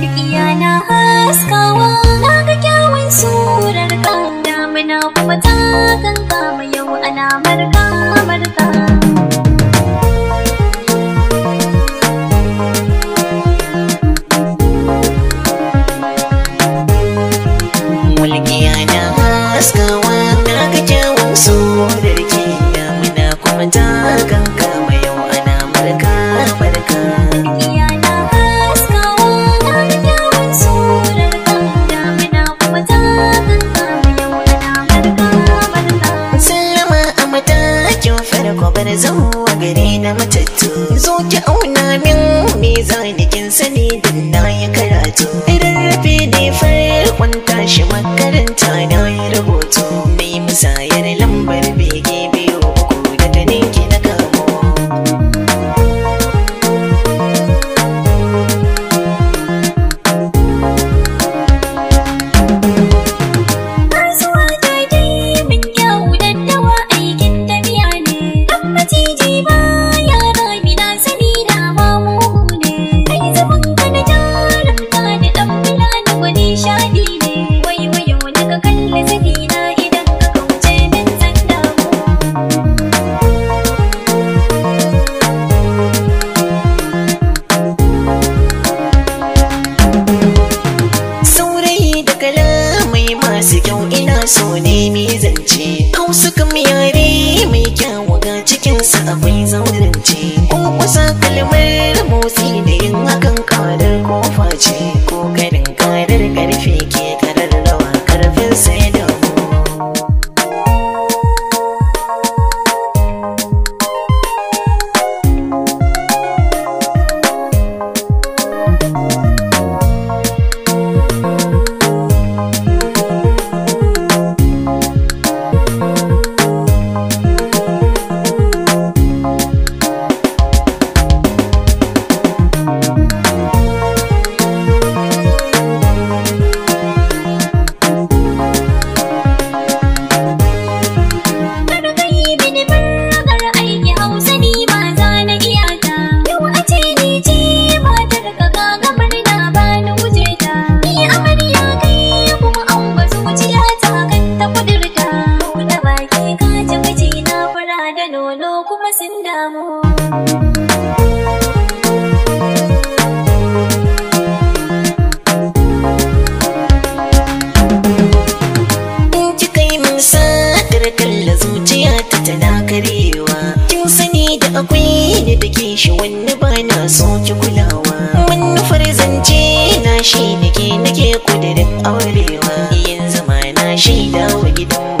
tafiya na haskawa na ga kyawun surar damina kuma ta ganga yau alamar ka da zuwa gare na matattu zo ki auna min me zanikin sani dan na ya karatu rarrafe ne kwanta shi makaranta zaune mai zance hausa kam yare mai kyawu ga cikinsa akwai zaurance ko kusa kalmar motsi da shi wanne bana na so kulawa manufar farzanci. na shi nake nake kudirin aurewa yanzu ma na shi wa gidan